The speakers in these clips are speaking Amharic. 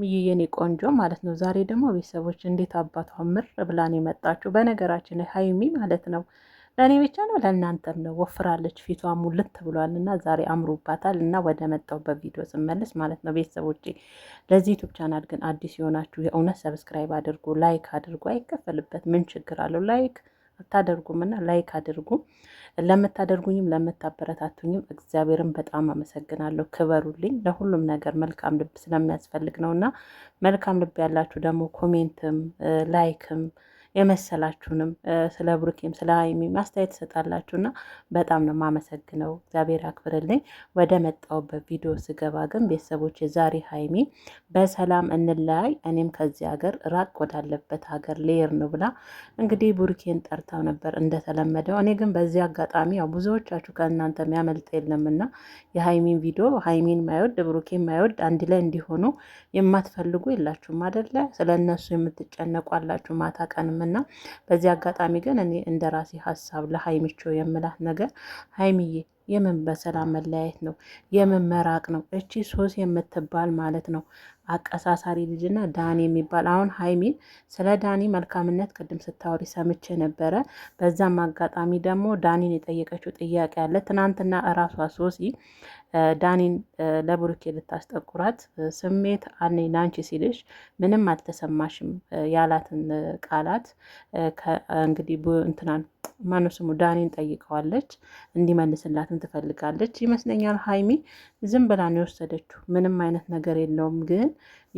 ምዬ የኔ ቆንጆ ማለት ነው። ዛሬ ደግሞ ቤተሰቦች እንዴት አባቷ ምር ብላን የመጣችሁ በነገራችን ላይ ሀይሚ ማለት ነው። ለእኔ ብቻ ነው ለእናንተም ነው። ወፍራለች፣ ፊቷ ሙልት ብሏል እና ዛሬ አምሮባታል እና ወደ መጣሁበት ቪዲዮ ስመለስ ማለት ነው ቤተሰቦቼ። ለዚህ ዩቱብ ቻናል ግን አዲስ የሆናችሁ የእውነት ሰብስክራይብ አድርጉ፣ ላይክ አድርጉ። አይከፈልበት ምን ችግር አለው ላይክ አታደርጉም ላይክ አድርጉ። ለምታደርጉኝም ለምታበረታቱኝም እግዚአብሔርን በጣም አመሰግናለሁ። ክበሩልኝ። ለሁሉም ነገር መልካም ልብ ስለሚያስፈልግ ነው እና መልካም ልብ ያላችሁ ደግሞ ኮሜንትም ላይክም የመሰላችሁንም ስለ ብሩኬም ስለ ሀይሚም አስተያየት ትሰጣላችሁና በጣም ነው የማመሰግነው። እግዚአብሔር አክብርልኝ። ወደ መጣሁበት ቪዲዮ ስገባ ግን ቤተሰቦች የዛሬ ሀይሚ በሰላም እንለያይ እኔም ከዚህ ሀገር ራቅ ወዳለበት ሀገር ልሄድ ነው ብላ እንግዲህ ቡርኬን ጠርታው ነበር እንደተለመደው። እኔ ግን በዚህ አጋጣሚ ያው ብዙዎቻችሁ ከእናንተ የሚያመልጥ የለምና የሀይሚን ቪዲዮ ሀይሚን ማይወድ ብሩኬን ማይወድ አንድ ላይ እንዲሆኑ የማትፈልጉ የላችሁም አደለ? ስለ እነሱ የምትጨነቁ አላችሁ ማታ እና በዚህ አጋጣሚ ግን እኔ እንደ ራሴ ሀሳብ ለሀይምቾ የምላት ነገር ሀይሚዬ የምን በሰላም መለያየት ነው? የምን መራቅ ነው? እቺ ሶስ የምትባል ማለት ነው አቀሳሳሪ ልጅና ዳኒ የሚባል አሁን ሀይሚን ስለ ዳኒ መልካምነት ቅድም ስታወሪ ሰምቼ ነበረ። በዛም አጋጣሚ ደግሞ ዳኒን የጠየቀችው ጥያቄ አለ። ትናንትና እራሷ ሶሲ ዳኒን ለብሩኬ ልታስጠቁራት ስሜት አኔ ናንቺ ሲልሽ ምንም አልተሰማሽም ያላትን ቃላት እንግዲህ እንትናን ማነው ስሙ ዳኒን ጠይቀዋለች። እንዲመልስላትም ትፈልጋለች ይመስለኛል። ሀይሚ ዝም ብላ ነው የወሰደችው። ምንም አይነት ነገር የለውም ግን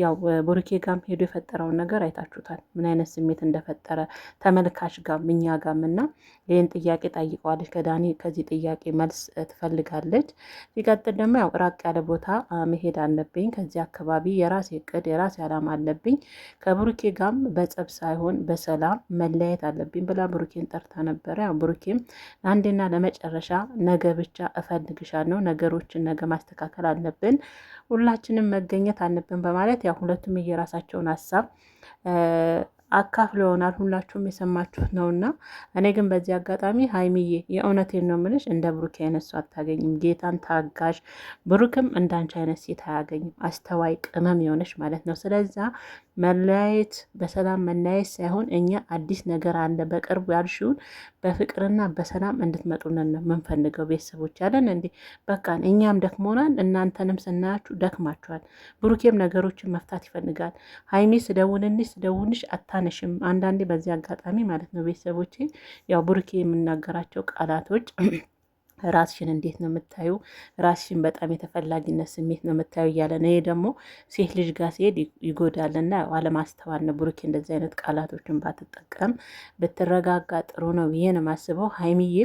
ያው ቦርኬ ጋም ሄዶ የፈጠረውን ነገር አይታችሁታል፣ ምን አይነት ስሜት እንደፈጠረ ተመልካች ጋም እኛ ጋም እና ይህን ጥያቄ ጠይቀዋለች ከዳኒ ከዚህ ጥያቄ መልስ ትፈልጋለች። ሲቀጥል ደግሞ ያው ራቅ ያለ ቦታ መሄድ አለብኝ፣ ከዚህ አካባቢ የራሴ እቅድ የራሴ አላማ አለብኝ፣ ከቡሩኬ ጋም በጸብ ሳይሆን በሰላም መለያየት አለብኝ ብላ ቡሩኬን ጠርታ ነበረ። ያው ቡሩኬም ለአንዴና ለመጨረሻ ነገ ብቻ እፈልግሻለሁ፣ ነገሮችን ነገ ማስተካከል አለብን፣ ሁላችንም መገኘት አለብን በማለት ያው ሁለቱም የራሳቸውን ሀሳብ አካፍሎ ይሆናል። ሁላችሁም የሰማችሁት ነው ነውና፣ እኔ ግን በዚህ አጋጣሚ ሀይሚዬ የእውነቴን ነው ምልሽ፣ እንደ ብሩኬ አይነት ሰው አታገኝም። ጌታን ታጋሽ፣ ብሩክም እንዳንቺ አይነት ሴት አያገኝም። አስተዋይ ቅመም የሆነች ማለት ነው። ስለዛ መለያየት በሰላም መለያየት ሳይሆን እኛ አዲስ ነገር አለ በቅርቡ ያልሽውን በፍቅርና በሰላም እንድትመጡልን ነው የምንፈልገው። ቤተሰቦች ያለን እንዲ በቃን፣ እኛም ደክሞናል፣ እናንተንም ስናያችሁ ደክማችኋል። ብሩኬም ነገሮችን መፍታት ይፈልጋል። ሀይሚ ስደውልንሽ ስደውንሽ አታ አታነሽም። አንዳንዴ በዚህ አጋጣሚ ማለት ነው ቤተሰቦቼ ያው ቡርኬ የምናገራቸው ቃላቶች ራስሽን እንዴት ነው የምታዩ? ራስሽን በጣም የተፈላጊነት ስሜት ነው የምታዩ እያለ ነው። ይሄ ደግሞ ሴት ልጅ ጋር ሲሄድ ይጎዳልና አለማስተዋል ነው። ብሩኬ እንደዚህ አይነት ቃላቶችን ባትጠቀም ብትረጋጋ ጥሩ ነው ብዬ ነው የማስበው። ሀይሚዬ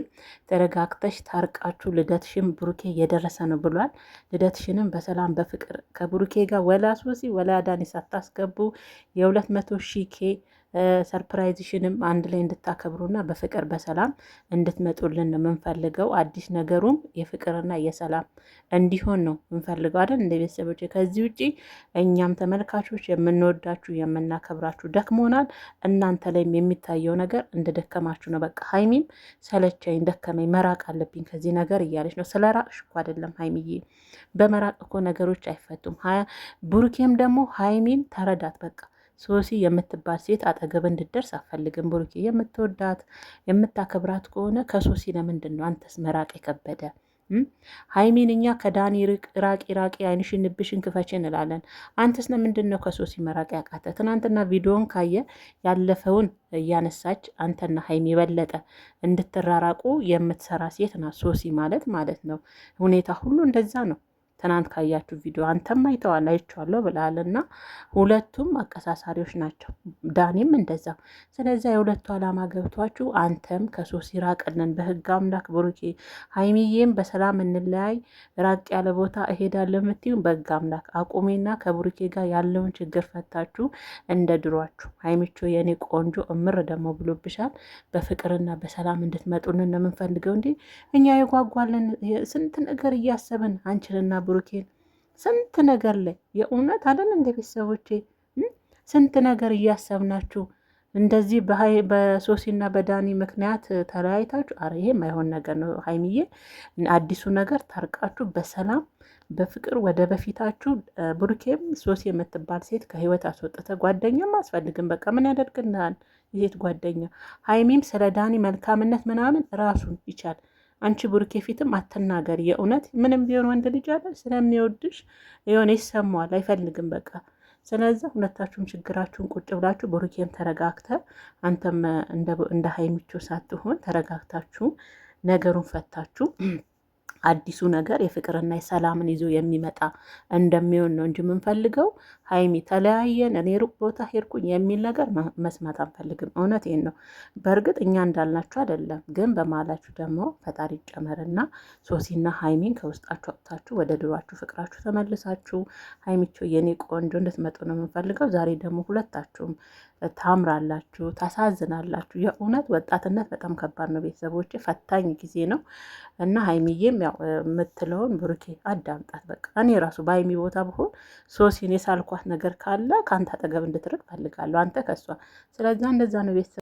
ተረጋግተሽ ታርቃችሁ ልደትሽን ብሩኬ የደረሰ ነው ብሏል። ልደትሽንም በሰላም በፍቅር ከብሩኬ ጋር ወላ ሶሲ ወላ ዳኒ ሳታስገቡ የሁለት መቶ ሺህ ኬ ሰርፕራይዝሽንም አንድ ላይ እንድታከብሩና በፍቅር በሰላም እንድትመጡልን ነው የምንፈልገው። አዲስ ነገሩም የፍቅርና የሰላም እንዲሆን ነው የምንፈልገው አይደል? እንደ ቤተሰቦች ከዚህ ውጭ እኛም ተመልካቾች የምንወዳችሁ የምናከብራችሁ ደክሞናል። እናንተ ላይም የሚታየው ነገር ደከማችሁ ነው። በቃ ሀይሚም ሰለቸኝ፣ ደከመኝ፣ መራቅ አለብኝ ከዚህ ነገር እያለች ነው። ስለ ራቅሽ እኮ አይደለም ሀይሚዬ፣ በመራቅ እኮ ነገሮች አይፈቱም። ብሩኬም ደግሞ ሀይሚን ተረዳት በቃ ሶሲ የምትባል ሴት አጠገብ እንድደርስ አፈልግም። ብሩኬ የምትወዳት የምታከብራት ከሆነ ከሶሲ ለምንድን ነው አንተስ መራቅ የከበደ? ሀይሚን እኛ ከዳኒ ራቂ ራቂ፣ አይንሽን ንብሽን ክፈች እንላለን። አንተስ ለምንድን ነው ከሶሲ መራቅ ያቃተ? ትናንትና ቪዲዮን ካየ ያለፈውን እያነሳች አንተና ሀይሚ የበለጠ እንድትራራቁ የምትሰራ ሴት ናት ሶሲ ማለት ማለት ነው። ሁኔታ ሁሉ እንደዛ ነው። ትናንት ካያችሁ ቪዲዮ አንተም አይተዋል አይቼዋለሁ ብለሃል እና ሁለቱም አቀሳሳሪዎች ናቸው። ዳኔም እንደዛ። ስለዚ የሁለቱ አላማ ገብቷችሁ አንተም ከሶስት ይራቅልን በህግ አምላክ ብሩኬ፣ ሀይሚዬም በሰላም እንለያይ፣ ራቅ ያለ ቦታ እሄዳለሁ የምትይው በህግ አምላክ አቁሜና ከብሩኬ ጋር ያለውን ችግር ፈታችሁ እንደ ድሯችሁ። ሀይሚቾ የኔ ቆንጆ እምር ደግሞ ብሎብሻል። በፍቅርና በሰላም እንድትመጡልን ነው የምንፈልገው። እንዲ እኛ የጓጓለን ስንት ነገር እያሰብን አንችልና ብሩ ብሩኬን ስንት ነገር ላይ የእውነት አይደል እንደ ቤተሰቦቼ ስንት ነገር እያሰብናችሁ እንደዚህ በሶሲና በዳኒ ምክንያት ተለያይታችሁ፣ አረ ይሄ ማይሆን ነገር ነው። ሀይሚዬ አዲሱ ነገር ታርቃችሁ በሰላም በፍቅር ወደ በፊታችሁ። ብሩኬም ሶሲ የምትባል ሴት ከህይወት አስወጥተ ጓደኛም አስፈልግም። በቃ ምን ያደርግናል የሴት ጓደኛ። ሀይሚም ስለ ዳኒ መልካምነት ምናምን ራሱን ይቻል አንቺ ብሩኬ ፊትም አትናገር። የእውነት ምንም ቢሆን ወንድ ልጅ አለ ስለሚወድሽ የሆነ ይሰማዋል፣ አይፈልግም በቃ። ስለዚ ሁለታችሁም ችግራችሁን ቁጭ ብላችሁ ብሩኬም ተረጋግተ፣ አንተም እንደ ሀይሚቾ ሳትሆን ተረጋግታችሁ ነገሩን ፈታችሁ አዲሱ ነገር የፍቅርና የሰላምን ይዞ የሚመጣ እንደሚሆን ነው እንጂ የምንፈልገው ሀይሚ ተለያየን፣ እኔ ሩቅ ቦታ ሄድኩኝ የሚል ነገር መስማት አንፈልግም። እውነት ይህን ነው። በእርግጥ እኛ እንዳልናችሁ አይደለም፣ ግን በማላችሁ ደግሞ ፈጣሪ ይጨመርና ሶሲና ሀይሚን ከውስጣችሁ አውጥታችሁ ወደ ድሯችሁ ፍቅራችሁ ተመልሳችሁ ሀይሚቸው የኔ ቆንጆ እንድትመጡ ነው የምንፈልገው። ዛሬ ደግሞ ሁለታችሁም ታምራላችሁ፣ ታሳዝናላችሁ። የእውነት ወጣትነት በጣም ከባድ ነው ቤተሰቦች፣ ፈታኝ ጊዜ ነው እና ሀይሚዬም ያው የምትለውን ብሩኬ አዳምጣት። በቃ እኔ ራሱ በሀይሚ ቦታ ብሆን ሶሲን የሳልኳት ነገር ካለ ከአንተ አጠገብ እንድትርቅ ፈልጋለሁ፣ አንተ ከሷ። ስለዚ እንደዛ ነው ቤተሰብ